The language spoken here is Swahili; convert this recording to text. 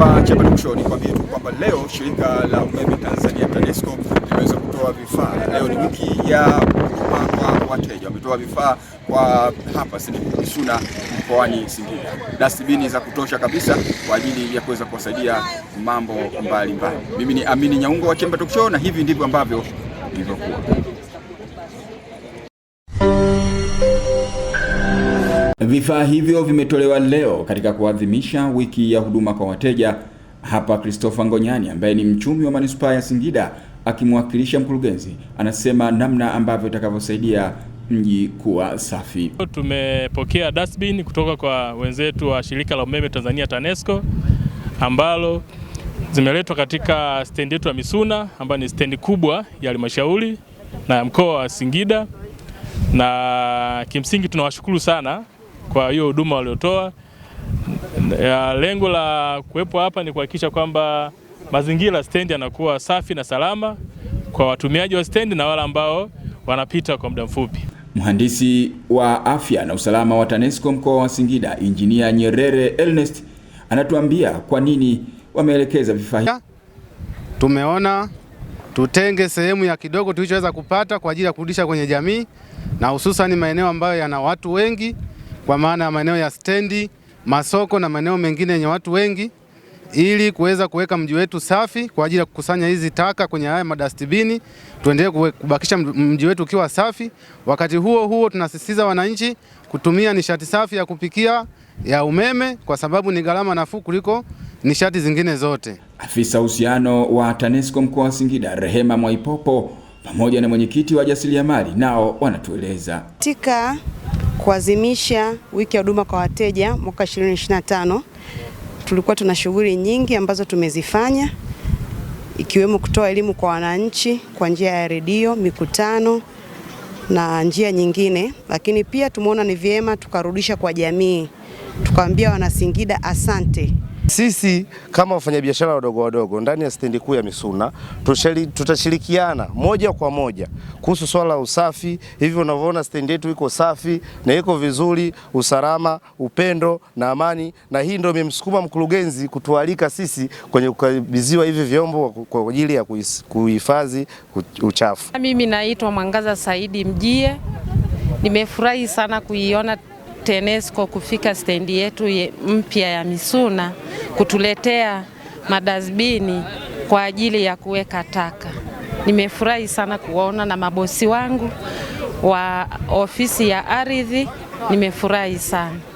Kwa chapatusho ni kwambie tu kwamba leo shirika la umeme Tanzania TANESCO limeweza kutoa vifaa. Leo ni wiki ya huduma kwa wateja, wametoa vifaa kwa hapa Suna mkoani Singida, dasibini za kutosha kabisa kwa ajili ya kuweza kuwasaidia mambo mbalimbali. Mimi ni Amini Nyaungo wa Chemba Talk Show, na hivi ndivyo ambavyo ilivyokuwa. Vifaa hivyo vimetolewa leo katika kuadhimisha wiki ya huduma kwa wateja hapa. Christopher Ngonyani ambaye ni mchumi wa manispaa ya Singida akimwakilisha mkurugenzi anasema namna ambavyo itakavyosaidia mji kuwa safi. Tumepokea dustbin kutoka kwa wenzetu wa shirika la umeme Tanzania TANESCO ambalo zimeletwa katika stendi yetu ya Misuna ambayo ni stendi kubwa ya halmashauri na ya mkoa wa Singida, na kimsingi tunawashukuru sana kwa hiyo huduma waliotoa. Lengo la kuwepo hapa ni kuhakikisha kwamba mazingira stendi yanakuwa safi na salama kwa watumiaji wa stendi na wale ambao wanapita kwa muda mfupi. Mhandisi wa afya na usalama wa TANESCO mkoa wa Singida, Injinia Nyerere Ernest anatuambia kwa nini wameelekeza vifaa hivi. Tumeona tutenge sehemu ya kidogo tulichoweza kupata kwa ajili ya kurudisha kwenye jamii na hususani maeneo ambayo yana watu wengi kwa maana ya maeneo ya stendi, masoko na maeneo mengine yenye watu wengi, ili kuweza kuweka mji wetu safi kwa ajili ya kukusanya hizi taka kwenye haya madastibini, tuendelee kubakisha mji wetu ukiwa safi. Wakati huo huo, tunasisitiza wananchi kutumia nishati safi ya kupikia ya umeme kwa sababu ni gharama nafuu kuliko nishati zingine zote. Afisa uhusiano wa TANESCO mkoa wa Singida Rehema Mwaipopo pamoja na mwenyekiti wa jasiriamali nao wanatueleza katika kuazimisha wiki ya huduma kwa wateja mwaka 2025. Tulikuwa tuna shughuli nyingi ambazo tumezifanya ikiwemo kutoa elimu kwa wananchi kwa njia ya redio, mikutano na njia nyingine, lakini pia tumeona ni vyema tukarudisha kwa jamii, tukaambia Wanasingida asante. Sisi kama wafanyabiashara wadogo wadogo ndani ya stendi kuu ya Misuna tutashirikiana moja kwa moja kuhusu swala la usafi. Hivi unavyoona stendi yetu iko safi na iko vizuri, usalama, upendo na amani, na hii ndio imemsukuma mkurugenzi kutualika sisi kwenye kukabidhiwa hivi vyombo kwa ajili ya kuhifadhi uchafu. Mimi naitwa Mwangaza Saidi Mjie, nimefurahi sana kuiona TANESCO kufika stendi yetu mpya ya Misuna kutuletea madasbini kwa ajili ya kuweka taka. Nimefurahi sana kuwaona na mabosi wangu wa ofisi ya ardhi, nimefurahi sana.